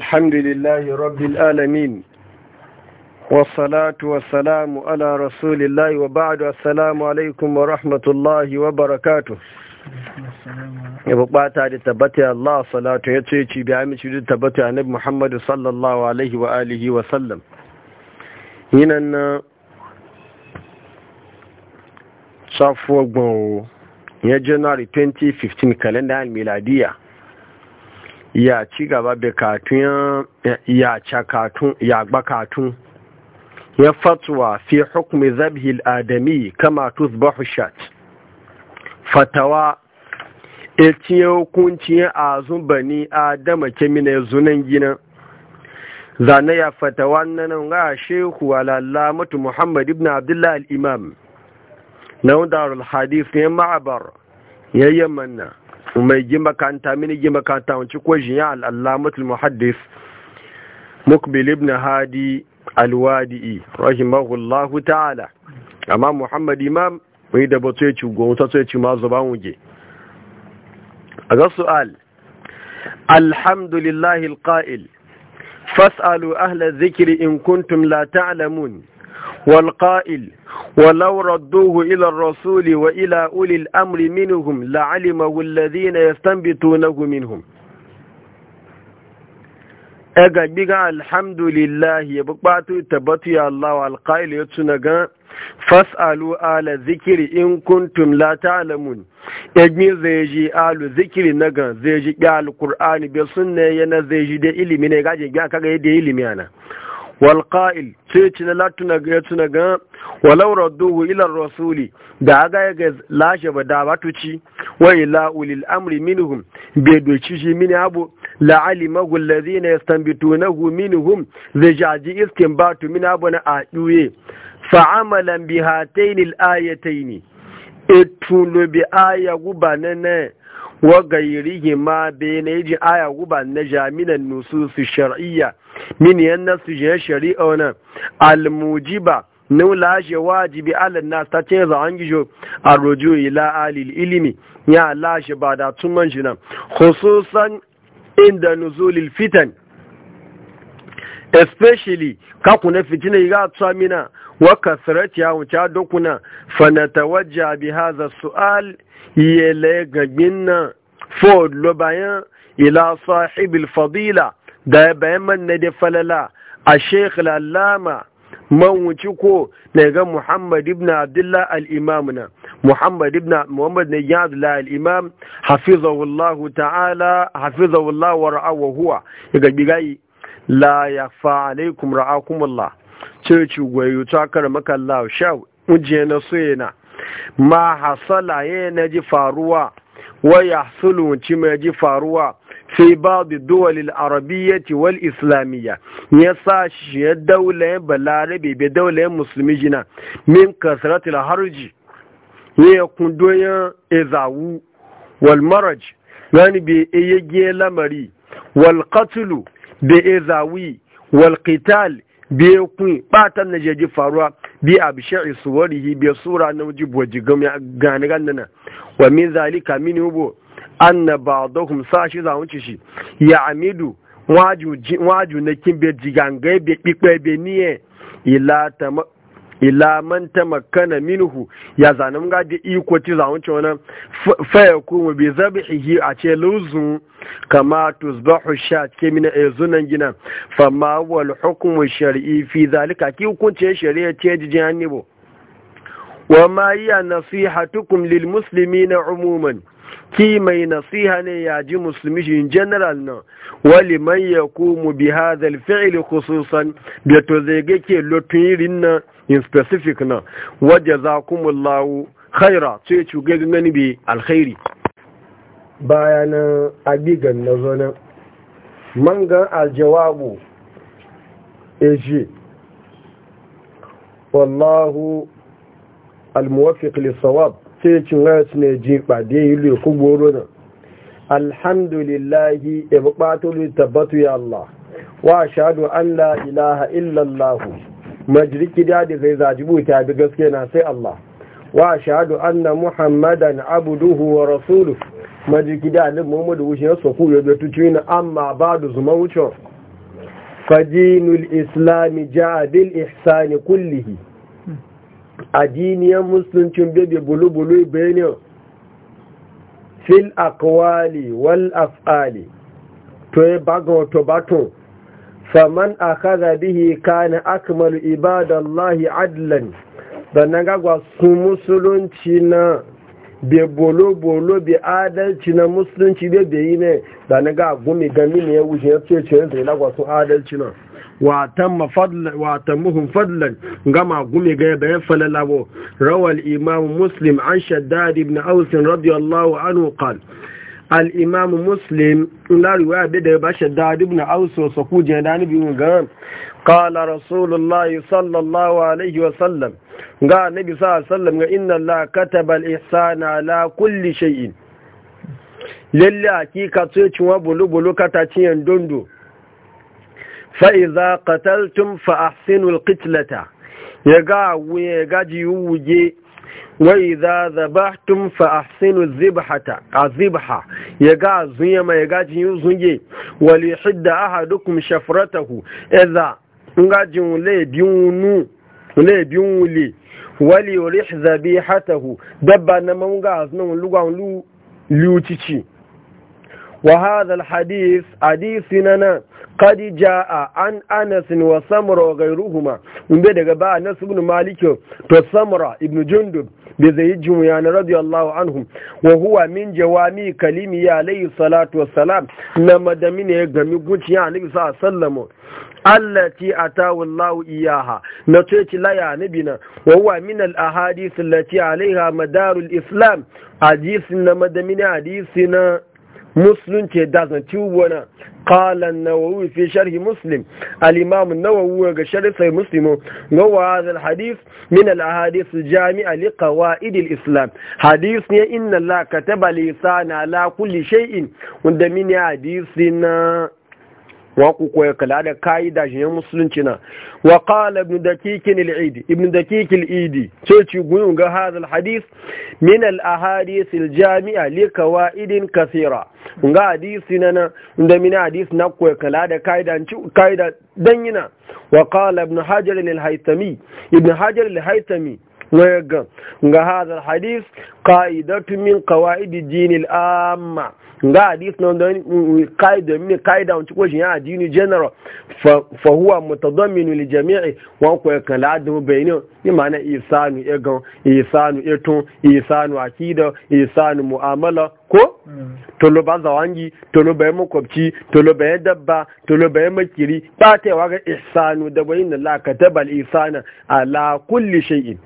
الحمد لله رب العالمين والصلاة والسلام على رسول الله وبعد السلام عليكم ورحمة الله وبركاته ya bukata da tabbata Allah salatu ya ce ci biya mi da tabbata annabi Muhammad sallallahu alaihi wa alihi wa sallam yinan na safo gbon ya January 2015 kalenda miladiya ya ci gaba da katun ya katun ya katun ya fatwa fi hukumi zabhi al'adami kama tusbahu shat fatawa hukunci ya azun bani adama ke kemina zunan gina zane ya fatawa nan ga shehu mutu muhammad ibn abdullahi al'imam na darul hadith ya ma'abar yayyaman mai gima kanta mini gima kanta wanci ko jiya al'allamatul muhaddis mukbil ibn hadi alwadi'i rahimahullahu ta'ala amma muhammad imam wani da batu ya ci gwamnata su ya ci mazu ba wuge a ga su'al alhamdulillahi alqa'il fas'alu ahla zikiri in kuntum la ta'lamun wal ولو ردوه إلى الرسول وإلى أولي الأمر منهم لعلمه الذين يستنبتونه منهم ega biga alhamdulillah ya bukatu tabbatu ya Allah wal qail ya tuna ga fasalu ala zikri in kuntum la ta'lamun yajmi zeji alu zikri naga zeji ga alqur'ani bi sunna yana zeji da ilimi ne gaje ga kaga yadda ilimi ana والقائل سيتنا لا تنغيتنا غا ولو ردوه الى الرسول دا غا لا شبه دا واتوشي والى اولي الامر منهم بيدوشي من ابو لعلمه الذين يستنبتونه منهم زجاجي استنباط من ابو ايوي فعملا بهاتين الايتين اتولو بآية غباننا wa gairihi ma bene yaji aya guba na jaminan nususu shar'iyya min yanna su je shari'a almujiba nu lashe wajibi alal nas ta ce za an gijo ilimi ya lashe ba da tun man nan khususan inda nuzulil fitan especially kakuna fitina ga tsamina wa kasrat ya wuce dokuna fanatawajja bi hadha su'al yele gagbin nan ford lo ila sahibil fadila da bayan man da falala a sheikh lalama man wuce ko daga muhammad ibn abdullah al-imam na ibn muhammad ne ya abdullah al-imam hafizahullah ta'ala hafizahullah wa ra'awa huwa ya alaikum ra'akumullah ceci gwayo ta kar makalla sha uje na soyena ma hasala ya na ji faruwa wa ya hasulu ci mai ji faruwa sai ba da duwalil arabiyyati wal islamiyya ya sa shi ya daulayen balarabe bai daulayen musulmi jina min kasratil harji ne ya kundoyin izawu wal maraj gani bai iya lamari wal katulu da izawi wal qital biye kun batan na jeji faruwa bi a bishari suwarihi biya sura na wajibu wajigam ya gani wa min zalika min hubo an na ba da shi za wuce shi ya amidu waju na kin be jiganga be pipe be niye ila ila man tamakkana minhu ya zanin ga da iko ci zawon ci wani faya kuma bai zabi ihi a ce luzun kama tuzbahu sha ke mina a zunan gina fama wal hukumu shari'i fi zalika ki hukunce shari'a ce jijin hannu wa ma yi a nasihatukum lil muslimina umuman ki mai nasiha ne ya ji musulmi shi general nan wali man ya kumu bi hadhal fi'il khususan da to zai ga ke lotunirin nan in specific nan wa lawo khaira sai ci ga gani bi alkhairi bayanan abigan na zonan mangan aljawabu eji wallahu الموفق للصواب sai cin rasu ne ji ɓade ilu ku goro nan alhamdulillahi ibi ɓatulu tabbatu ya Allah wa shaɗu an la ilaha illallahu majiriki da da zai zajibu ta bi gaske na sai Allah wa shaɗu an na muhammadan abuduhu wa rasulu majiriki da alin muhammadu wuce ya soku ya betu cina amma ba da zuma wucin fadinul islami ja'adil ihsani kullihi adiniyar musuluncin bebe bulubulu benin fil akwali wal af'ali to yi bagon to baton faman akaza bihi ibadan lahi adilan, da na gagwa su musulunci na be bolo-bolo be adalci na musulunci be yi ne na ga gumi gami ne ya wuce ya ce ce ya zai lagwa su adalci na wa tammuhum fadlan gama gume ga bayan falalabo rawal imam muslim an shaddad ibn aus radiyallahu anhu qala al'imam muslim na riwaya bai da ya bashi dadi na auso su kuje da ni biyu ga kala rasulullah sallallahu alaihi wasallam ga nabi sallam ga inna la kataba al-ihsana la kulli shay'in lalle hakika ce cinwa bulu-bulu kata ciyen dondo fa'iza qataltum fa'ahsinul qitlata ya ga wuye gaji wuje wai za zabahtum fa'ahsinul zibhata a zibha ya ga zunye mai gaji yi zunye wali hidda aha dukkan shafratahu eza ngajin wule biyunu wule biyun wule wali rih zabihatahu dabba na mawuga a sunan lugwa lu cici وهذا الحديث حديثنا قد جاء عن أنس وسمر وغيرهما ومبدا غبا أنس بن مالك وسمر ابن جندب بزيد جميان رضي الله عنهم وهو من جوامي كلمي عليه الصلاة والسلام لما دمين يغمي قلت يا نبي صلى الله عليه وسلم التي أتاه الله إياها نتيت لا يا نبينا وهو من الأحاديث التي عليها مدار الإسلام حديثنا مدمين حديثنا musulunci da zanci wani kalan nawawi fi sharhi muslim alimamun nawawi ga sharifai muslimu ga wazal hadis min al-hadis jami'a li islam hadis ne inna la kataba lisana la kulli shay'in mini min na. waku ku kala da kai da shi musulunci na wa qala ibn dakik al-eid ibn dakik al-eid ce ci guyun ga hada al-hadith min al-ahadith al-jami'a li kawaid kathira ga hadisi na da min hadis na koya kala da kai da kai da danyina wa qala ibn hajar al-haytami ibn hajar al-haytami ويقام هذا الحديث min من قواعد الدين amma ga hadis na wanda kaida min kaida wanci ko ya dini general fa huwa mutadammin li jami'i wa ko kan la adamu bayni ni mana isanu egan isanu etu isanu akida isanu muamala ko to ba zawangi to lo bai makwabci to lo bai dabba to lo makiri ba ta yawa ga isanu da bayin la katabal isana ala kulli shay'in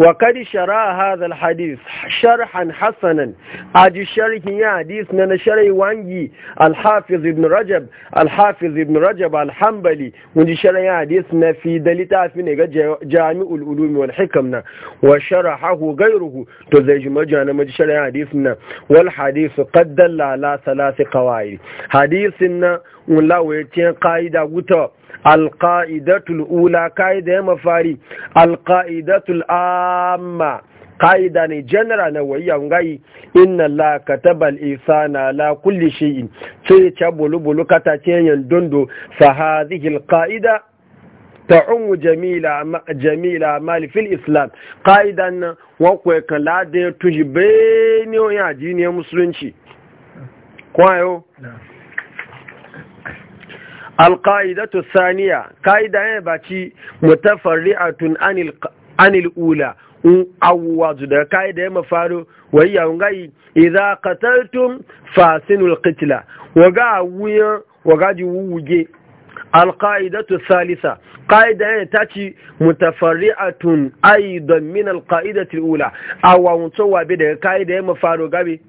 wa shara a hazal hadith sharhan hassanan a ji sharhin ya hadith na na sharai wangi alhafiz ibn rajab Alhafi ibn rajab alhambali mun ji sharai ya hadith na fi dalita fi ne ga jami ul'ulumi wal wa shara haku gairuhu to zai ji maji na maji sharai ya hadith na wal hadith su kaddalla la salasi kawai hadith na wulawacin ƙa'ida guta alƙa'idatul ula ƙa'ida ya mafari alƙa'idatul amma ƙa'ida ne general na wayya ngayi inna la katabal ihsana la kulli shay'in sai ya bulu bulu kata ce yan dondo fa hadhihi alqa'ida ta'um jamila jamila mal fil islam qa'idan wa ko kala da tujibe ne ya jini musulunci kwayo alƙa'idatu saniya ƙa'ida ya baci mutafarri'atun anil ula in awuwa daga ƙa'ida ya mafaro wayya ngai idza qataltum fasinul qitla waga wuya waga ji wuge alƙa'idatu salisa ƙa'ida ya taci mutafarri'atun aidan min alƙa'idatu ula awawuntowa bi daga ƙa'ida ya mafaro gabe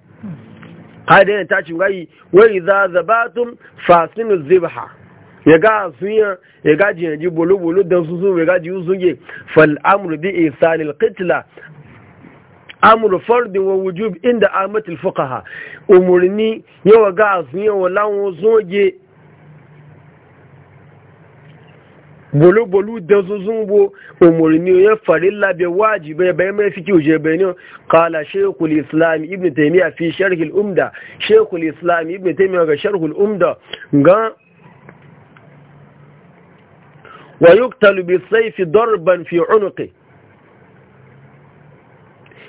ƙa'ida ya taci ngai wa idza zabatum fasinu zibha ya ga sunya ya ga ji bolo bolo don su sun ya ga ji usunge fal di isanil ihsanil qitla amru fard wa wujub inda amatil fukaha umarni yawa ga sunya wala zoge bolo bolo don su sun bo umarni ya farilla labe waji bai mai fi uje bai ne kala shekul islami ibn taymiya fi sharhul umda shekul islami ibn taymiya ga sharhul umda ga ويقتل yuktalu ضربا في عنقه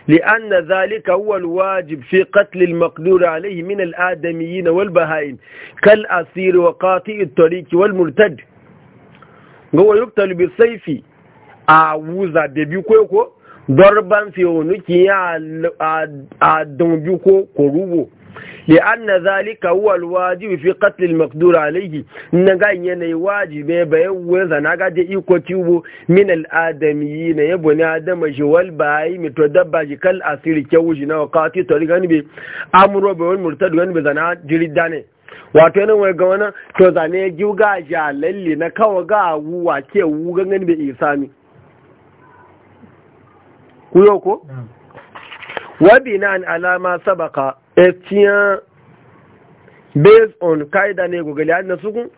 لأن ذلك هو الواجب في قتل المقدور عليه من الآدميين والبهائم كالأسير وقاطع الطريق والمرتد هو يقتل بالسيف أعوذ ببيكوكو ضربا في عنقه عدن بيكو قروبو li'anna zalika huwa alwajib fi qatl almaqdur alayhi nan ga yanayi wajibe bayan wanda na ga da iko tubo min aladamiyin ya bani adama shi wal bayi mi to dabba ji kal asiri ke wuji na wakati to riga ni be amuro be wal murtad wani be zana jirida ne wato yana wai ga wani to zane ji ga lalle na kawa ga wuwa ke wu gangan be isami kuyo ko wa binan alama sabaka etiyan based on kaida ne gogali an nasu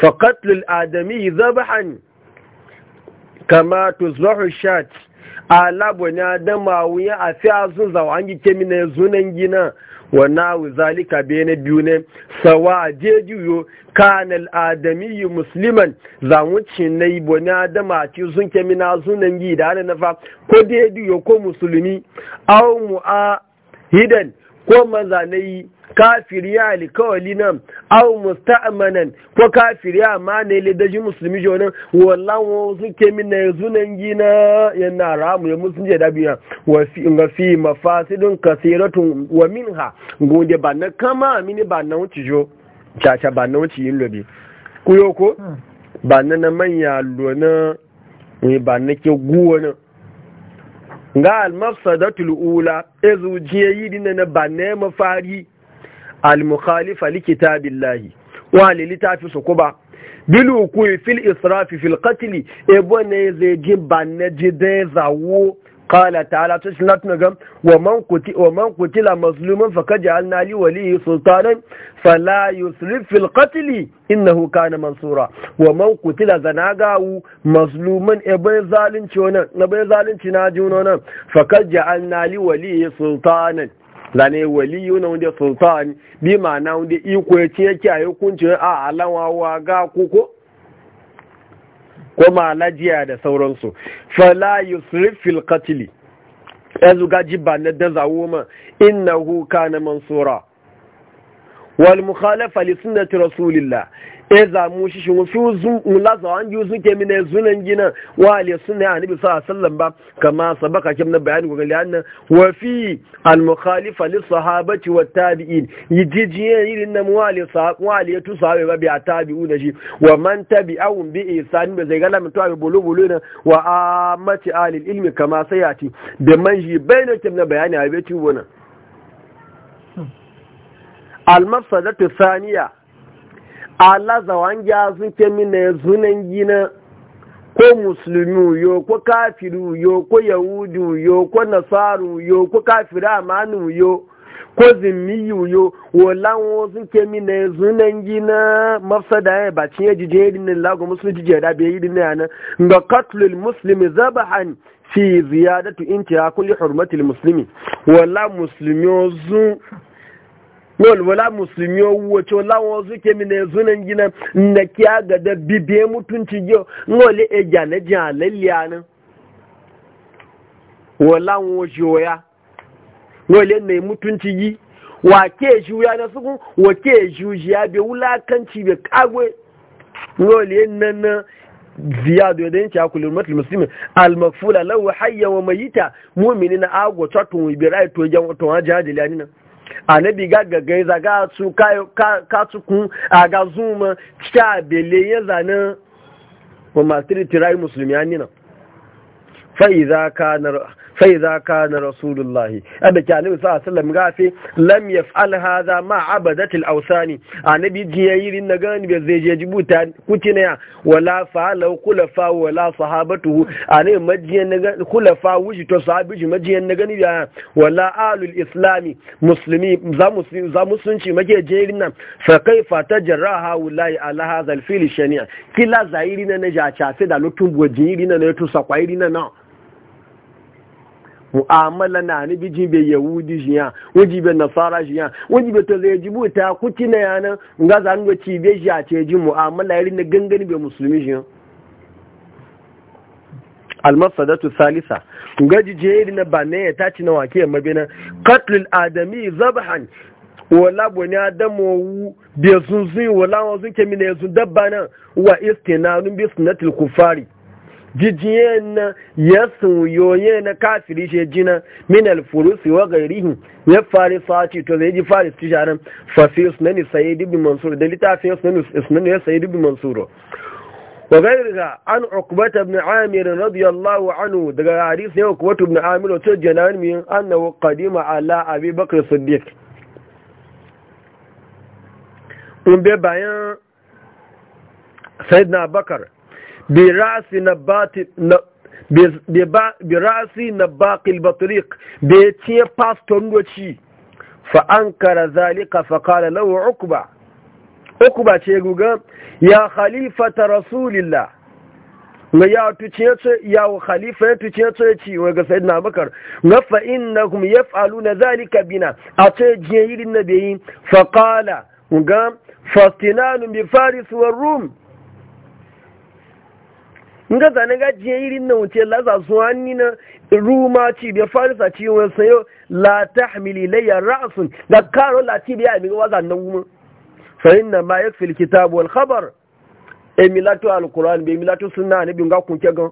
fa qatlul adami zabahan kama tuzbahu shat alabo ne adama wuya a fi azun zawa an zunan gina wa zalika biyu ne sawa jejiyo kanal adami musliman zamuci na ibo ne adama ci sun ke zunan gida nafa ko ko musulmi au mu'a hidan ko manzanai kafiri ya alikawali nan au musta'manan ko kafiri ya ma ne ladajin musulmi jonan wallan wa suke min na yanzu nan gina yana ramu ya musulmi da biya wa fi nga fi mafasidun kasiratun wa minha gode ba na kama mini ba na wuce jo caca ba na wuce yin lobe kuyo ko hmm. ba na na manya lona ba na ke guwa nan. ga almafsadatul ula izu jiye yi dinna na ba mafari almukhalifa likitabillahi wa lilitafi su kuba bilu ku fil israfi fil qatl e ne zai ji ba ne ji da zawo qala ta'ala to shin latna gam wa man kuti wa man kutila mazlumun fa kaja alnali wali sultanan fa la yusrif fil qatl innahu kana mansura wa man kutila zanagawu mazlumun e ibn zalinci wannan ibn zalinci na juno nan fa kaja alnali wali sultanan lane wali yuna wanda sultan bi ma'ana wanda iko ya yake yake a hukunci a alawawa ga koko ko malajiya da sauransu fala yusrif fil qatl yanzu ga jibba na da zawo ma innahu kana mansura wal mukhalafa li sunnati rasulillah e zamu shi shi wafi uzun ulaza an yi uzun kemi na zunan gina wa aliyu suna ya anibi sa sallan ba kama sabaka kim na bayani gwagali annan wafi al-mukhalifa li sahabati wa tabi'in yi jijiye irin na muwali wa aliyu tu sahabe ba bi a tabi'u da shi wa man tabi'awun bi isani ba zai gala mutuwa bi bulu bulu na wa amati alil ilmi kama sayati da man shi bayanin kim na bayani a bai ci wani hmm. al-mafsadatu thaniya Allah zawanja sun ke mina zunan gina ko musulmi yo ko kafiru yo ko yahudu yo ko nasaru yo ko kafira amanu yo ko zimmi yo wallan wo sun ke mina zunan gina mafsada ya ba cin yaji je yidin lagu musulmi je da bai yidin yana ga qatlul muslimi zabahan fi ziyadatu intiha kulli hurmatil muslimi wallan muslimi musulmi walwala musulmi wace lawon suke mine zunan gina na kiya ga da bibiye mutunci yau ngole e jale jale liyanin wala wace waya ngole ne mutunci yi wa ke juya na suku wa ke juya be wulakanci be kagwe ngole nan na ziyadu ya dayin cakulin matul musulmi almakfula lau hayya wa mayita mumini na agwa tatun ibirai to jan to hajjajiliya ni nan anabi ga gagai za ga su ka tukun a ga zuma cika bele ya zanen wa masu tirayi musulmi ya nina fa'iza ka fai za ka na rasulullahi abu ki annabi sa sallam gafe lam yaf'al hadha ma abadatil awsani annabi ji yayi rin naga ni be zai je jibuta kuci ne wala fa law kulafa wala sahabatuhu annabi majiyan naga kulafa wuji to sahabi ji majiyan naga ni ya wala alul islami musulmi za muslimi za musunci make je rin nan fa kaifa tajarraha wallahi ala hadha al fil shani'a kila zairi na na ja chafe da lutun bojiri na na to sakwai na na mu'amala na ni biji be yahudi jiya wuji be nasara jiya wuji be to zai jibu ta kuti na yana nga zan go ci be jiya ce ji mu'amala irin na gangani be musulmi jiya almasadatu salisa gaji jeri na bane ya taci na wake mabina qatlul adami zabhan wala boni adamu wu bi sunzin wala wazin kemine sun dabba nan wa istinanun bi sunnatil kufari jijiyen na ya sunyoye na kafiri she jina min alfurusi wa gairihi ya fari sace to zai ji fari tijaran fasi usmani sayyid ibn mansur da litafin usmani usmani ya sayyid ibn mansuro wa gairiha an uqbata ibn amir radiyallahu anhu daga haris ne uqbata ibn amir to janan min annahu kadima ala abi bakr siddiq umbe bayan na bakar bi rasi na baƙil bai da ya ce fa an kara zalika faƙala lawa ukuba ukuba ce guga ya khalifata rasulillah na ya tuce ce ya khalifa ya tuce ce ci wa ga sayyidina bakar na fa innakum yaf'aluna zalika bina a ce jiyirin nabiyin qala ga fastinanu bi faris wa rum nga zane ga jiye irin na wuce laza su hannu na ruma ci bai farisa ci wani sayo la ta hamili laya ra'asun ga karo la ci biya amiga waza na wuma sayin na ma ya fil kitabu wal khabar e al alquran bi emilatu sunna ne nga ga kunke gan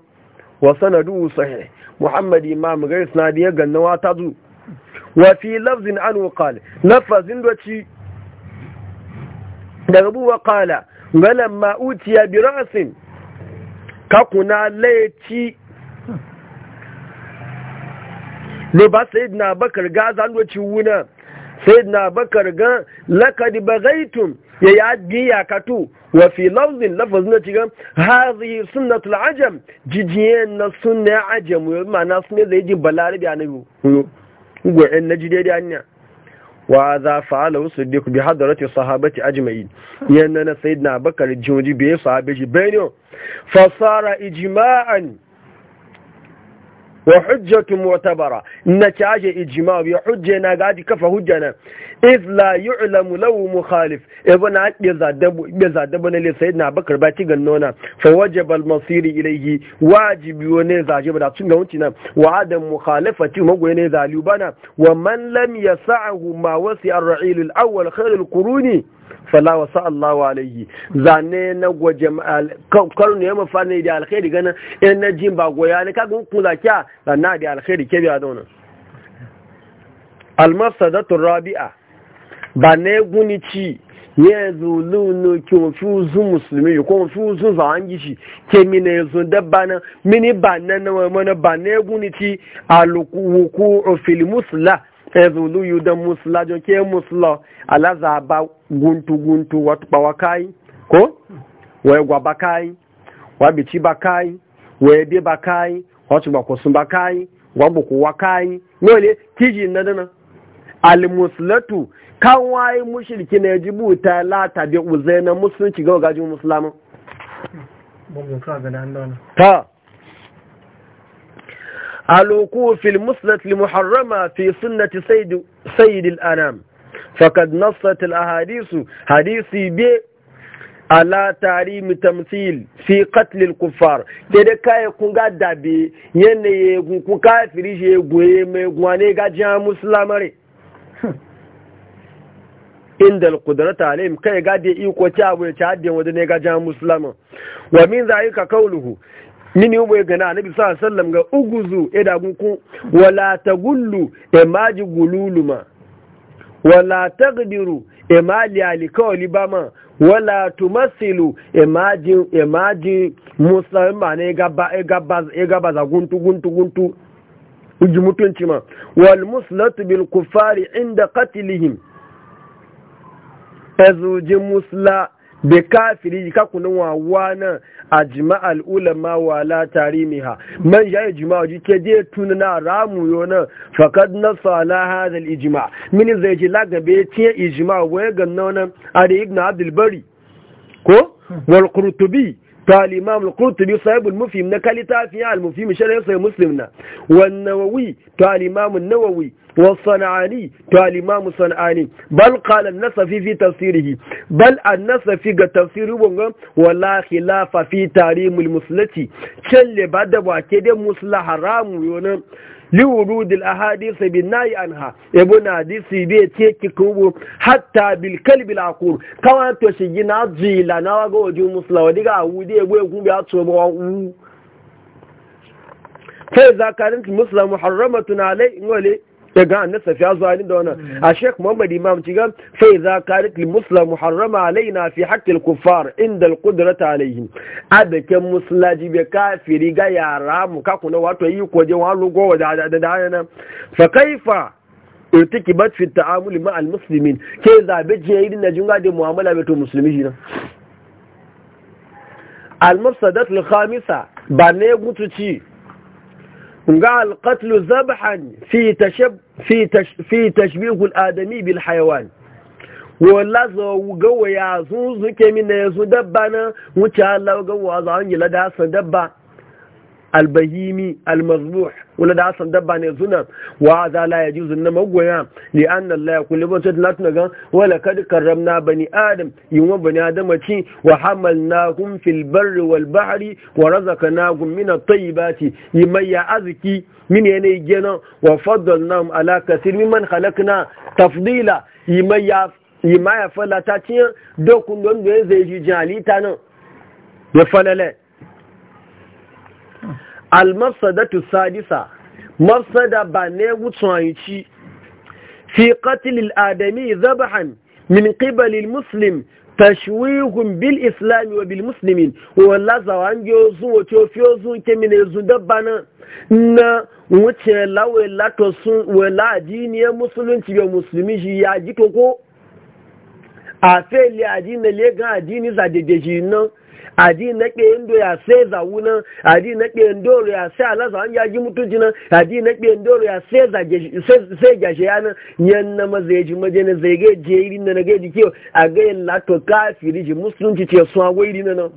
wa sanadu sahih muhammad imam gairis na biya ganna na ta zu wa fi lafzin an qala lafazin da ci daga buwa qala galamma utiya bi ra'asin kakuna laici ne ba sai na bakar ga zanwaci wuna sai na bakar ga lakadi bagaitun ya yi ya katu wa fi lafzin lafazin na cikin hazi sunnatul ajam jijiyen na sunna ajam na sunne zai ji balarabi a nabi huyo gwa'in na jide da hanya wa za fa'ala siddiq bi hadarati sahabati ajma'in yanna na sayyidina bakar jinji bi sahabi bayno fa sara ijma'an wa hujjatu mu'tabara na caje ijma wa hujje na gadi kafa hujja na iz la yu'lamu lahu mukhalif ibn aqi zadabu be na ne bakar ba ci nona fa wajaba al-masir ilayhi wajibi ne zaje ba tun da wuci na wa adam mukhalafati magoye ne zalubana wa man lam yas'ahu ma wasi ar-ra'il al-awwal khair al-quruni Salawa sa'allahu alaihi zane na gwaje ne ya mafa ne da alkhairi gana in na jin ba goya ne kaga hukun zakiya na da alkhairi ke biya dauna almasadatu rabi'a ba ne guni ci ya zulu no ki fi uzu musulmi ko fi uzu zangi gishi ke mina ne zo dabba na mini ba nan na wani ba ne guni ci alukuku fil musla ezulu yudan musla jo ke musula alaza ba guntu guntu watu bawa kai ko wa gwa ba kai wa bici ba kai wa ebe kai watu ba ko sun kai wa buku wa kai nole kiji na dana al muslatu kan wayi mushriki na yajibu ta la tabi uzaina musulunci ga gajin musulman ta الوقوف المسنة المحرمة في سنة سيد, سيد الأنام فقد نصت الأحاديث حديثي بي ala tarihi tamthil fi qatl al-kuffar dede kai kun ga dabe yanaye kun ku kafiri je goye mai gwane ga ja inda al-qudrata alayhim kai ga da iko ta abu ta hadde wanda ne ga ja wa min zalika qawluhu mini ubu gana annabi sa sallam ga uguzu eda gunku wala gullu e maji gululuma wala gudiru e mali alikawli libama wala masilu e maji e maji musamman ne gaba e gaba e gaba za guntu guntu guntu uji mutunci ma wal muslatu bil kufari inda qatlihim azujin musla be kafiri kakunan wawa nan ajma al ulama wa la tarimiha man ya ijma ji ke je tunna ramu na fakad nasa la hada al ijma min zai ji lagabe ce ijma wa ga nan ari ibn abdul bari ko wal qurtubi قال الإمام القرطبي صاحب المفهم نكالتا في المفهم شرح صحيح مسلمنا والنووي قال النووي والصنعاني قال الإمام الصنعاني بل قال النصفي في تفسيره بل النصفي تفسيره ولا خلاف في تاريم المسلتي شل بعد واكد مسلح حرام يونم li dil ahadisa bin nahi anha ebo na hadisi be ce ki kubu hatta bil kalbi laqur kawa to shi gina jila na wago wajin muslawa diga awudi ebo egun bi ato mo wu fa zakarin muslim muharramatun alai ngole daga ga annas safiya zuwa da wannan a sheikh muhammad imam ci ga sai za ka musulman muharrama alaina fi haqqi kufar kuffar inda al qudrata alaihim musulaji bai kafiri ga yara mu ka kuna wato yi ko je walu da da da fa kaifa ba fi ta'amuli ma al ke zabe je yi na junga da muamala bai to musulmi shi na al al khamisa ba ne gutuci ga alƙatlu zabhan fi tashbihul adami bil haiwan wala zo ga waya sun zuke mina ya su dabba na wuce Allah ga wa yi lada sa dabba albahimi almazbuh wala da asan dabba ne zuna wa za la yajuzu na magoya li anna la yakulu ba sai latna ga wala kad karramna bani adam yunwa bani adam ci wa hamalnahum fil barri wal bahri wa razaqnahum min at-tayyibati yimayya azki min yana gena wa faddalnahum ala kathir mimman khalaqna tafdila yimayya yimayya falata ci dokun don da zai ji ta nan ya falale almasadatu sadisa masada ba ne wutsanici fi qatlil adami zabahan min qibali muslim tashwihun bil islam wa bil muslimin wala zawan yo zu wo to fi zu ke min zu dabba na na wuce lawe lato sun wala diniye musulunci ga musulmi shi ya ji to ko a fe le adini le ga adini aji na ke ndo ya sai zawuna aji na ke ndo ya sai alasa an yaji mutunci nan aji na ke ndo ya sai zage sai gashe yana yan na maza yaji maje na zai ga je irin na ga dike a ga yin lato firiji ji musulunci ce su agwai irin nan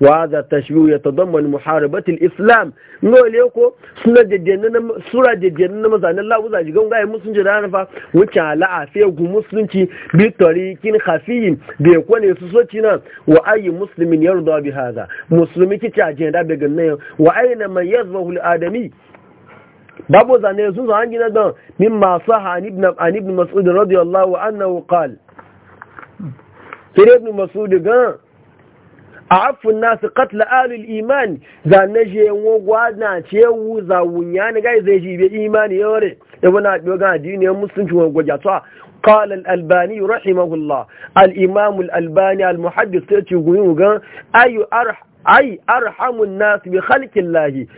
wa daga tashbiyu ya tattabar muharabatun islam noli ya ko su na daidaiyan na mazauna labu zai jigar ko kuma aya musu jin daɗa fa wajen ala'a ya fi musulunci bai taurari kai kafin bai kowanne su so cina ko aya musulmin ya na dawa biyar da musulmici a gani da na yau ko aya na mayar da hudu da adami. babu zane zama a yanzu an gina min masu a ahanan da radiyallahu anna iw kal a afin nasu katla alul iman za na je wogwa na ce wu za wunya ni gai zai shi bai imani ya wuri ya wuna biyo ga adini e ya musulunci wogwa ya tuwa kalan albani rahimahullah al'imamu albani al-muhaddis ta ce gumi gan ayu ai arhamun nasu bi halkin lahi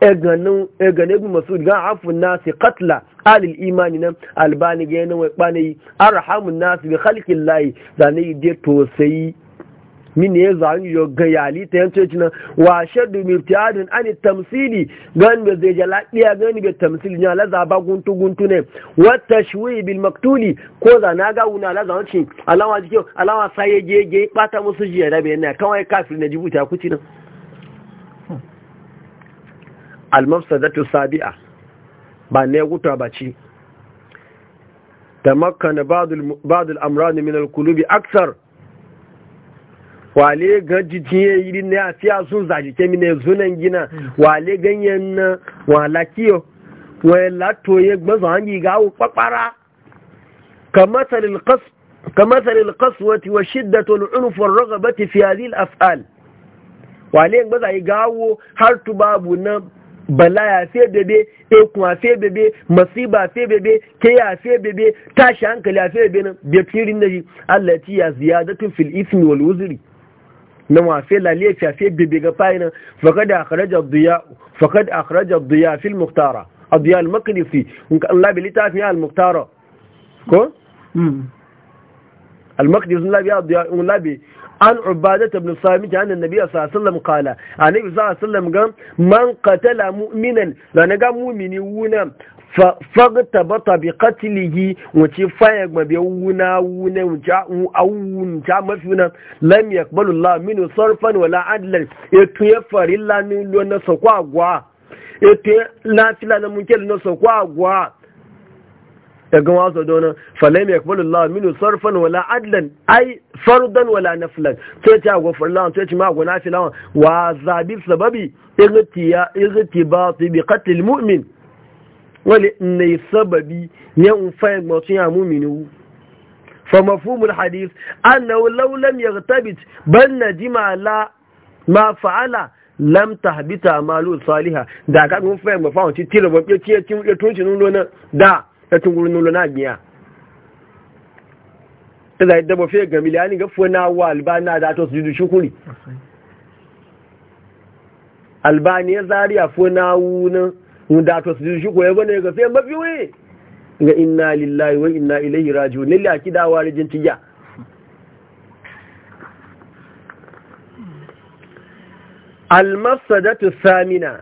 egane e bi masu gan afin nasu katla alil imani nan albani ga yanayi arhamun nasu bi halkin lahi za na yi je tosai min ne ya zan yo yali ta yanto cina wa shaddu mibtiyadun an tamsili gan be zai jala iya gan be tamsili ya la ba guntu guntu ne wa tashwi bil maktuli ko za na ga una la zan cin alawa jike alawa saye gege bata musu jiya da bayan na kawai kafir na jibuta kuci nan al mafsadatu sabi'a ba ne guta ba ci تمكن بعض بعض الامراض من القلوب aksar wale ga jikiye yi ne a fiya sun zaji ke mine zunan gina wale ganyen na wala kiyo wale lato ya gbaza hanyi ga hau kwakwara kamatar wati wa shidda shiddatul unufin ragabati fi hadil af'al wale ya gbaza yi gawo har tubabu na balaya fe bebe ekun a fe bebe masiba fe bebe ya fe bebe tashi hankali a fe bebe na befirin da shi allati ya ziyadatun fil ismi wal wuzuri na mafi laliya fiye ga fayina fakad akharaja duya fil muktara a duya al-makarisi in labi littafi ya al-muktara ko? Hmm. al-makarisi labi ya duya in labi an ubada ta bin sami ta hannun nabi a sassallam kala a nabi sassallam gan man katala mu'minan da na ga mumini wunan fagtabata bi qatlihi wace faya gbabe wuna wuna wuce awun ta mafi wuna ya yakbalu Allah minu sarfan wala adlan etu ya fari lami lo na so Ya gwa etu la fila na mun kel na so kwa gwa daga wasu dona falam yakbalu sarfan wala adlan ai fardan wala naflan sai ta go farlan sai ta wa sababi igtiya igtibati bi mu'min wani ne sababi ya umfayin mutum ya mumini wu فمفهوم الحديث أنه لو لم يغتبت ban ندم على ma fa'ala. lam tahbita malu saliha da ka mun fahimta fa wanci tira ba ke ke ya tunci nuno na da ya gurin nuno na biya da da ba fe gamili ani ga fo na wa albana da to su shukuri albani ya zaria fo na mun da to su shi koyo bane ga sai mafi we ga inna lillahi wa inna ilaihi raji'un lillahi akida warijin tiya masadatu samina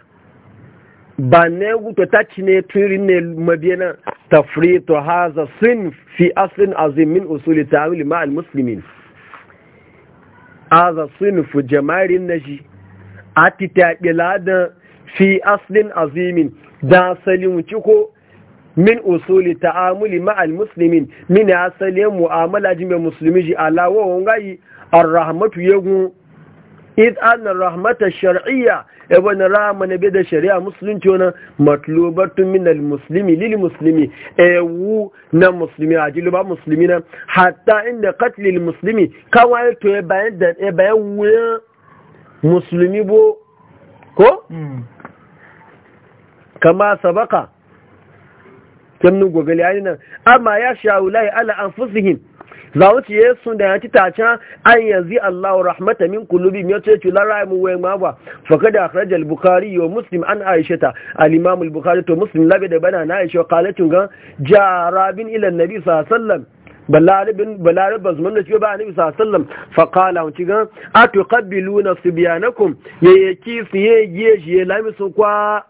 ba ne guto ta ci ne turin ne mabiyana tafrito haza sin fi aslin azim min usuli ta'amuli ma al-muslimin haza sin fu jama'arin na shi ta titaɓi ladan fi aslin azimin da asalin wuce ko min usuli ta'amuli ma'al muslimin min asalin mu'amala jime musulmi ji alawo wangayi arrahmatu yegu. id anna rahmata shar'iyya ibn rahma na bi da shari'a musulunci wani. matlubatu min muslimi lil muslimi ewu na muslimi ajilu ba muslimi na hatta inda qatl muslimi kawai to bayan da bayan musulmi bo ko hmm. kama sabaka kemnu gogali ayi nan amma ya sha'ulai ala an fusihin za wuce yesu da ya ci tace an yanzu Allahu rahmata min kulubi mai ce ci lara mu wai ma ba fa da akhraj al wa muslim an aishata ta alimamul bukari to muslim labe da bana na aisha qalatun ga jarabin ilan nabi sallallahu alaihi balare ba zuman da shiga ba anabi sallam faƙala wuce gan a to na su biya na kum ya yi ki su ya yi shi ya lami su kwa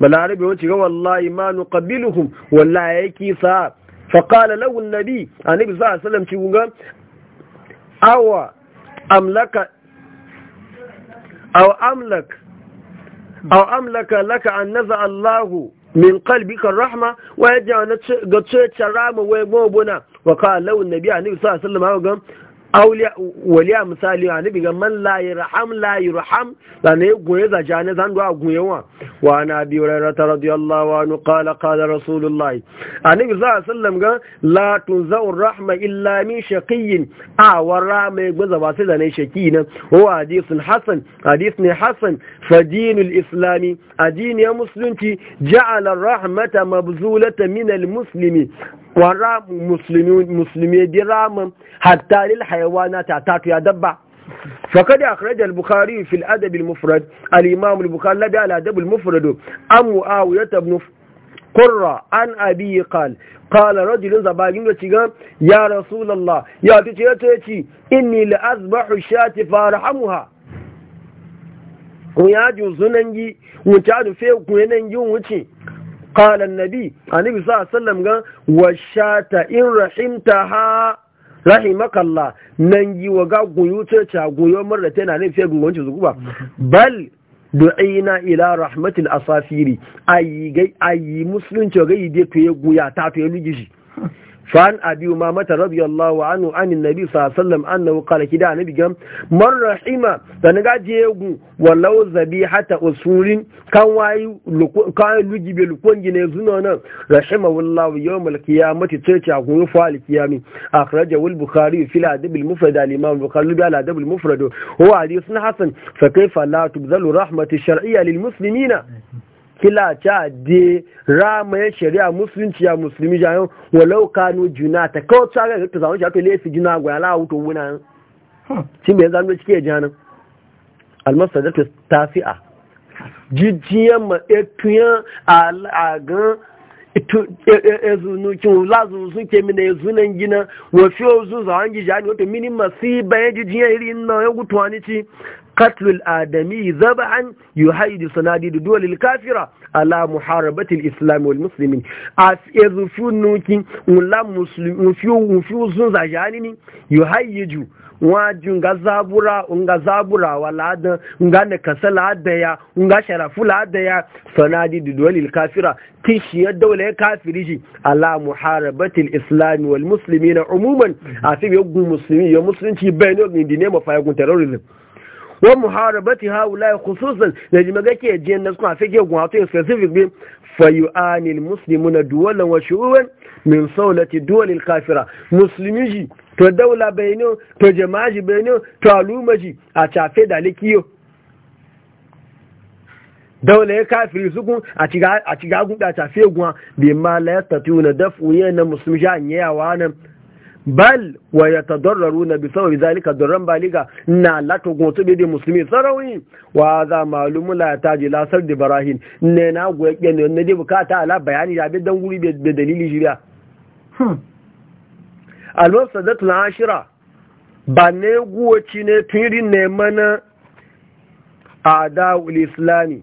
balare bai gan wallahi ma nu ƙabbiluhum wallahi ya yi ki sa faƙala lagun nabi anabi sallam ci gan awa amlaka amlaka laka allahu min kalbi kan rahma wa ya ga tsoyacin rama wa ya goma buna wa ka launin biya a nabi sallallahu alaihi waliya misali a nabi ga man layi raham layi raham da ne goye za jane zan do goye wa wa na bi Allah, wa nu kala kala rasulullah annabi za sallam ga la za'un rahma illa min shakiyin a wara mai gbaza ba sai da ne shaki nan wa hadithun hasan hadith ne hassan fadinul islami addini ya musulunci ja'alar rahmata mabzulata min al muslimi ورام مسلمين مسلمي درام حتى للحيوانات hatta يا دبا فقد اخرج البخاري في الادب المفرد الامام البخاري لدى الادب المفرد ام معاوية بن قرة عن ابي قال قال رجل زباقين وشيغان يا رسول الله يا تيتي تشيتي اني لأذبح الشاة فارحمها ويا جو زننجي وتعد فيه كويننجي وتشي قال النبي النبي صلى الله عليه وسلم قال والشاة إن رحمتها rahimaka Allah nan yi wa ga guyu ce ca guyo murda tana ne fiye gungunci su guba bal du'ina ila rahmatil asafiri ayi gai ayi musulunci ga yi dai to guya ta to ya lugishi فان ابي امامه رضي الله عنه عن النبي صلى الله عليه وسلم انه قال كده النبي جم من رحم تنقى يقول ولو ذبيحه اسور كان واي كان لجي جن جنزونا رحم الله يوم القيامه تيتي أقول فعل القيامة أخرجه البخاري في الادب المفرد الامام البخاري في الادب المفرد هو حديث حسن فكيف لا تبذل رحمه الشرعيه للمسلمين kila ta de ramaye shari'a musulunci ya musulmi jayon walau kanu juna ta kawo tsara ga ta zaunci ato laifin juna gwaya la wuto wuna shi mai zanuwa cike janin almasa da ta fi a jijiyan ma etuyan alagan e, e, ezunukin lazuru sun ke mina ezunan gina wafi ozu zawon gijani wata mini masu bayan jijiyan iri na ya gutuwa ni ci qatlul adami zab'an yuhaidu sanadi dawlil kafira ala muharabati al-islam wal muslimin as irfunuki ulam muslimin fi fi sun zajani ni yuhaiju waju ga zabura nga zabura wala da nga ne kasala da ya nga sharafu la da ya sanadi dawlil kafira tishi ya dawla kafiri ji ala muharabati al-islam wal muslimin umuman asibi yugun muslimi ya musulunci bayanin dine mafayagun terrorism wa muharabati haula khususan da jima ke jiyan nasu a fike gun wato specific bi fayu'ani na duwalan wa shu'uban min sawlati duwal alkafira muslimiji to dawla bayino to jama'aji ji to alumaji a tafe da likiyo dawla ya kafiri suku a ciga ciga gunda tafe gun bi ma la yastatiuna dafu yana muslimi ja nyawa nan bal wa na bi sababi zalika darran baliga na lato goto be de muslimi sarawi wa za malumu la ji lasar da barahin ne na goye kene ne bukata ala bayani ya be danguri guri dalili dalili shiriya alwa ashira ba ne guwaci ne turin ne mana ada ul islami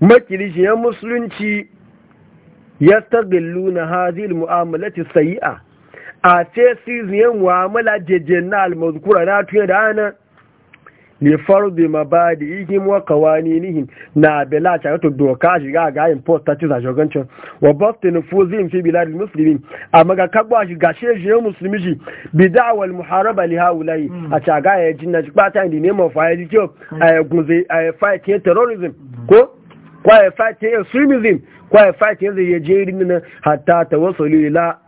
musulunci ya tagalluna hadhihi al mu'amalati sayi'a a ce siziyan mu'amala jejen na almazukura na tuye da hana le farbe mabadi ihim wa qawaninihim na bela ta doka shiga ga post ta ci shogancin wa fuzi in fi bilad musulmi amma a shiga shi ga sheje musulmi shi bid'awal muharaba liha mm. wulayi a ta ga ya jinna shi ba ta ni ne mu mm. a ji ko ay a ay fight terrorism ko ko ay fight extremism ko ay fight yanzu ya je rin ta wasu tawassalu ila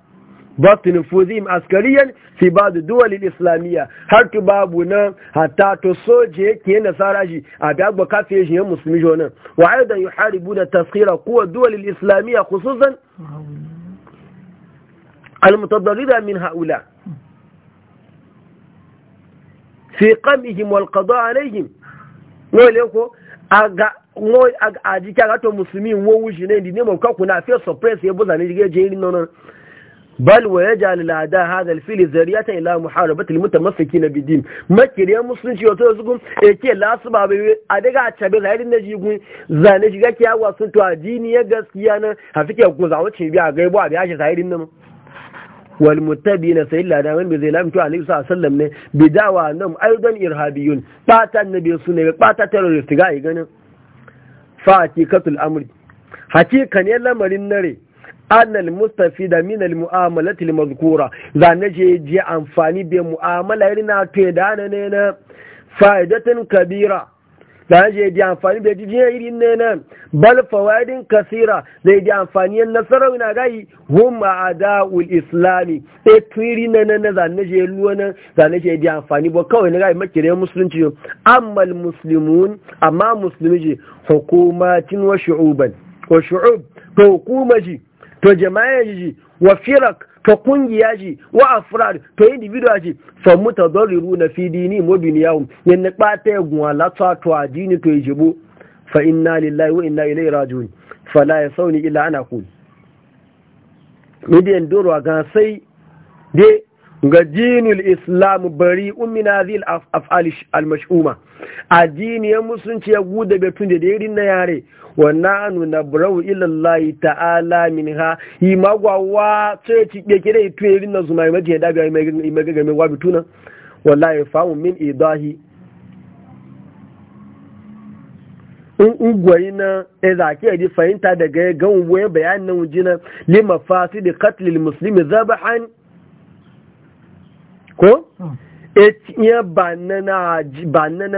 ضبط نفوذهم عسكريا في بعض الدول الاسلاميه هل تبابنا حتى تسوجي كي نصاراجي أبيعك بكافي يجيه مسلمي جونا وأيضا يحاربون تسخير قوى الدول الاسلاميه خصوصا المتضرره من هؤلاء في قمهم والقضاء عليهم نقول اغا موي a gato musulmi wo wuce ne di nemo kakuna fiye suppress ya buza ne bal wa yajal lada hadha al fil zariyata ila muharabati al mutamassikina bi din makiriyan musulunci wato su gun yake lasu ba bai a daga tabe zahirin da jigun zane shiga kiyawa sun to addini ya gaskiya nan a fike ku zawo ce a gaibo a biya shi zahirin nan wal mutabina sai lada man bi zailam to alaihi sallam ne bidawa nan aidan irhabiyun bata annabi sunne bata terrorist ga yi ganin fa hakikatul amri hakikan lamarin nare annal mustafi da minal mu'amalati mazkura za na je je amfani bai mu'amala irin na to da na ne na fa'idatin kabira za na je je amfani bai jijiyar irin ne na bal fawaidin kasira da je amfani yan nasarar na gai hum ma'ada'ul islami e tuiri na na na za na je luwa na za na je je amfani bo kawai na gai makire musulunci ammal muslimun amma musulmi hukumatin wa shu'uban wa shu'ub ko hukumaji to jama'a ji wa firak to kungiya ji wa afrad to individual ji fa mutadarriru na fi dini mu duniyahum ne kpata egun ala to adini to ijibo fa inna lillahi wa inna ilaihi rajiun la yasawni illa ana qul midiyan doro ga sai dai ga dinul islam bari umina zil af'al al-mash'uma addini ya musunci ya gude betun da irin na yare wannan na brau ilallahi ta'ala minha yi magwawa sai ci kike da ito yarin na zuma mai da ga mai mai wa bituna wallahi fa'u min idahi in ungwari na ya zaki yadda fahimta daga ya gan wani bayanin wujina lima fasidi katlil muslimi hannu. ko ya ba na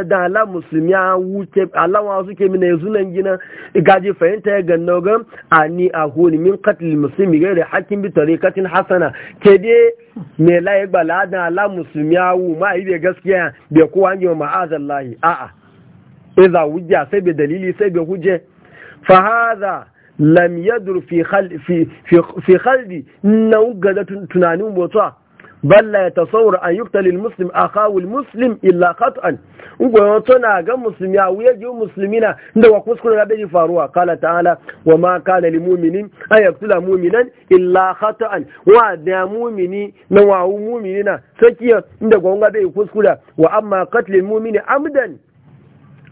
da ala musulmi a wuce alawa suke mina yanzu nan gina gaji fahimta ya ganna ga ani a huni min katil musulmi ga da hakin bi tarikatin hasana ke dai me laye gbala da ala musulmi a wu ma yi gaskiya bai kowa yi wa ma'azan layi a'a iza e sai bai dalili sai bai huje fahaza lam yadur fi khaldi na gada tunanin mutuwa bal la yatasawwar an yuqtala almuslim akhahu almuslim illa qat'an ugo yoto na ga muslimi awiye ji muslimina inda wa kuskure da bai faruwa qala ta'ala wa ma kana lil mu'minin an yaqtula mu'minan illa qat'an wa da mu'mini na wa mu'minina sakiya inda gonga bai kuskura wa amma qatlil mu'mini amdan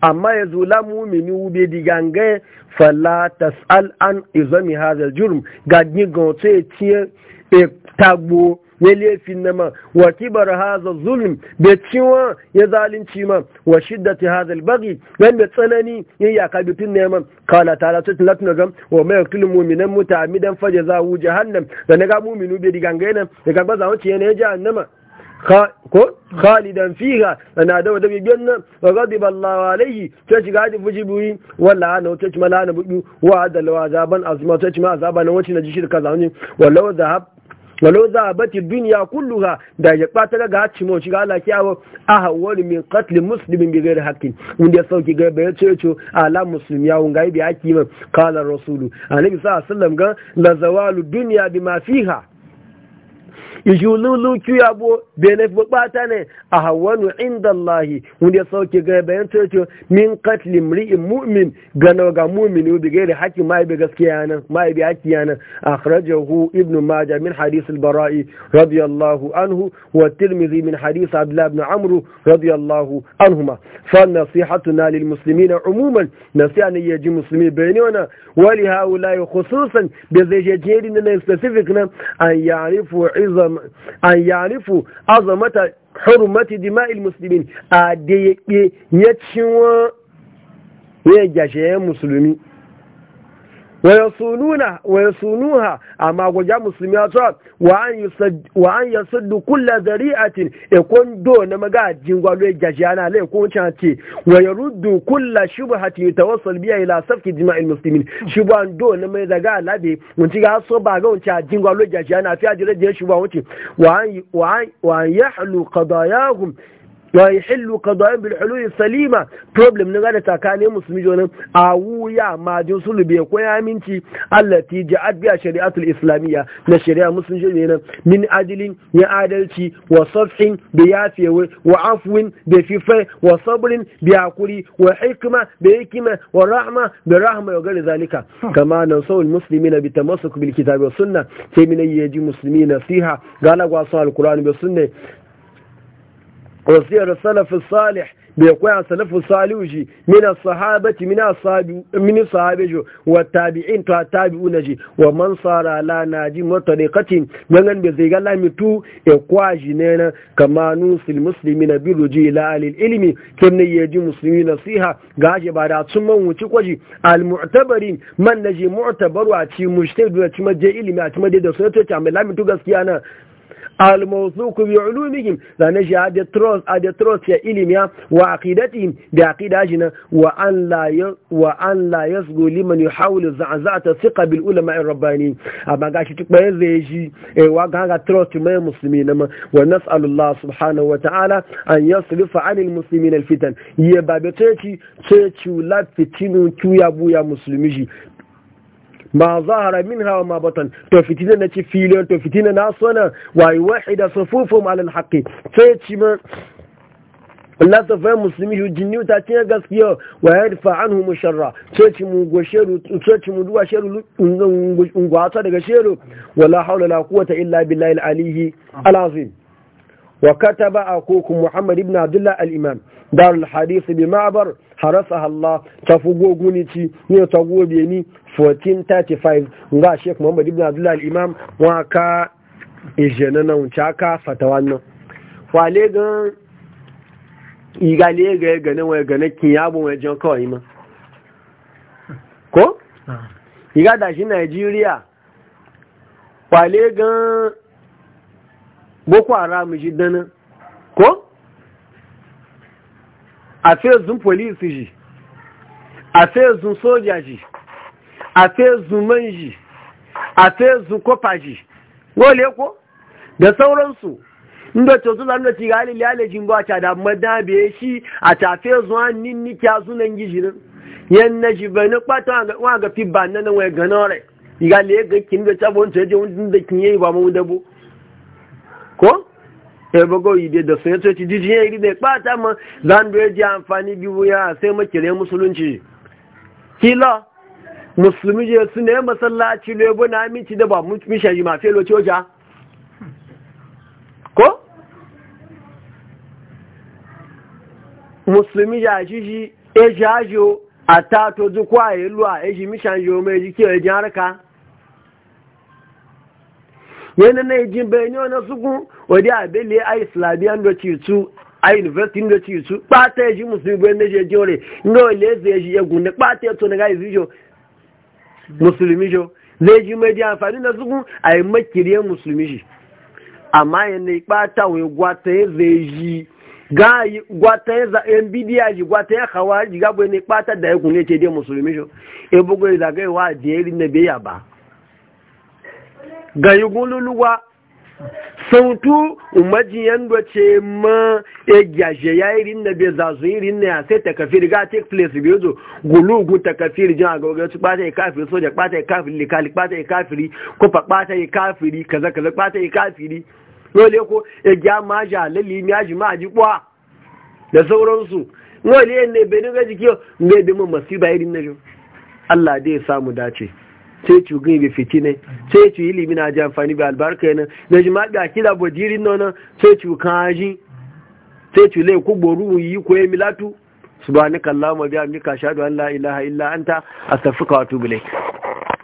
amma ya zula mumini ube digange fala tas'al an izami hadha al-jurm ga ni gonto e tie e tagbo يلي في النما وكبر هذا الظلم بتشوا يزالين شما وشدة هذا البغي بل بتصنني يا كابي في النما قال تعالى لا تنظم وما يقتل مؤمنا متعمدا فجزاه جهنم فنجا مؤمن بيدي غانغينا نجا بزا وتي ني جهنم خالدا فيها انا دو دبي بينا وغضب الله عليه تشي غادي فجي بوي ولا انا تشي ملانا بوي وعد الله عذابا عظيما تشي ما عذابا وتشي نجي شركه ولو ذهب walau za a bati duniya kulluha da ya ɓata daga haci mawaci ga ala a min katlin musulmin bi gari haƙƙin wanda ya sauki gari bayan a ala musulmi ya ga ibi haƙi man rasulu a nabi sa sallam ga lazawalu duniya bi ma fiha iju lulu kiya bo bene bukata ne a hawanu inda Allah wanda sauke ga bayan cewa min qatli mri'in mu'min gano ga mu'mini bi gairi haki ma bi gaskiya nan ma bi haki yana akhrajahu ibn majah min hadith al-bara'i radiyallahu anhu wa tirmidhi min hadith abdullah ibn amr radiyallahu anhuma fa nasihatuna lil muslimin umuman nasiha ne yaji muslimi bayani wana wa li haula khususan bi zai jeri ne specific nan an ya'rifu izam an yarifu azamata hurmati dima'il muslimin a da ya ciwon ya gashe musulmi Wan ya sununa ha amma agajin musulmi ya wa an ya saddu kulla zari a tini? E na maga a jingwaro ya e jajiyana e ala ya Wa ya ruddu kulla shi ba ha tini ta wasu albiyaye safki jima'i a musulmi? Shubi do na maida ga alabe wancan ya saurari ba a ga wancan a jingwaro ya jajiyana? Aka fi hajjirari da yake shubi an Wa ya halluka ba wa yahillu qada'in bil hulul salima problem ne ga tsakanin musulmi jonin awuya majin sulube ko yaminci allati ja'at bi shari'atul islamiyya na shari'a musulmi nan. min ajilin ya adalci wa safhin bi yafiyewa wa afwin bi fifa, wa sabrin bi akuri wa hikma bi hikma wa rahma bi rahma ya gari zalika kama nan sau na bi tamassuk bil kitabi wa sunna sai min yaji musulmi nasiha ga lagwasan alqur'ani bi wasiyar salafin salih bai koya salafin salihu shi mina sahabati mini sahabejo wa tabi'in ta tabi'u na ji wa man sara la na ji mata da kacin gangan bai zai gala mitu ya kwa shi ne na kama nusil musulmi na biru ji ila alil ilimi kim ne ya ji musulmi nasiha ga shi ba da sun man wuci kwaji al-mu'tabarin man na ji mu'tabaru a ci mushtai da ci maje ilimi a ci maje da sunatoci a mai lamitu gaskiya na al mawsuq bi ulumihim la naji ad tros ad tros ya ilim ya wa aqidatihim bi aqidajina wa an la wa an la yasgu liman yuhawil zaazata thiqa bil ulama ar rabbani amaga shi tipe zeji e wa ganga tros ti me muslimina ma wa nasalu allah subhanahu wa ta'ala an yasrif an al muslimina al fitan ya babetechi chechu lat fitinu tu ya bu ya muslimiji ma zahara min hawa ma batan to fitina na ci filin to fitina na sona wayi wahida sufufum alal haqqi sai ci ma Allah ta fahimta musulmi hujjini ta cinye gaskiya wa ya rufa an hu sharra mu go sheru ceci mu duwa sheru daga sheru wala haula la quwwata illa billahi alihi al wa kataba akukum muhammad ibn abdullah al-imam darul hadith bi ma'bar harasa Allah ta fugo guni ci ne ta gobe ni 1435 nga Sheikh Muhammad ibn Abdullah al-Imam wa ka ijena na wuce aka fata wannan wale gan igale ga ga ne wa ga ne kin yabo wa jan kawai ma ko ah. iga da shi Nigeria wale gan boko haram ji dana ko a fezun um polisi ji a fezun um soja ji a man um ji a kofa ji wale ko da sauransu inda to su zan ci gali lalajin ba ta da madabe shi a tafe zuwa ninni kya sunan gijirin yan na shi bai ni kwata wa ga fi ba nan wai gano rai le ga kin da tabon ta je wanda kin yi ba mu dabo ko ebogo ibe da sun yato ci jijiyar iri da kpata ma zando ya ji amfani biyu ya sai makire musulunci kila musulmi je su ne masallaci lebo na aminci da ba mishaji ma felo coca ko musulmi ya jiji e jajo a tato duk kwaye luwa e ji mishaji o mai jike e, e harka yana na ejin bayani wani sukun wadda abele a islamiyan da ci su a university da ci su kpata ya ji musulmi bayan da jejin wale nga wale zai ji egun da kpata ya to na gaji jo musulmi jo zai ji mai da amfani da sukun a yi makiriyar musulmi ji amma yana kpata wani gwata ya zai ji ga gwata ya za yan bidiya ji gwata ya hawa ji gabo ne kpata da ya kunne ce dai musulmi jo e bugu ya zagayewa a jeri na biya ba ga yi gululuwa tu umarci yadda ce ma ya gyashe ya yi rinna bai su yi rinna ya sai takafir ga take place biyu zo gulugu takafir jin a gaugar su ɓata ya kafiri soja ɓata ya kafiri likali ɓata ya kafiri kufa ɓata ya kafiri kaza kaza ɓata ya kafiri dole ko ya gya ma ja lalli ya ji ma ji kwa da sauransu dole ne bai nuna jikiyo ne bai mun masiba irin na jo Allah dai ya samu dace. sai ci gini bai fiti ne sai ci ilimi na ji amfani bai albarka yana na shi maɗi a kila bojirin nan sai ci kaji sai ci lai kuboru yi ko yi milatu biya mika ashhadu an la'ila ha'ila illa anta a tafi kawatu ilayk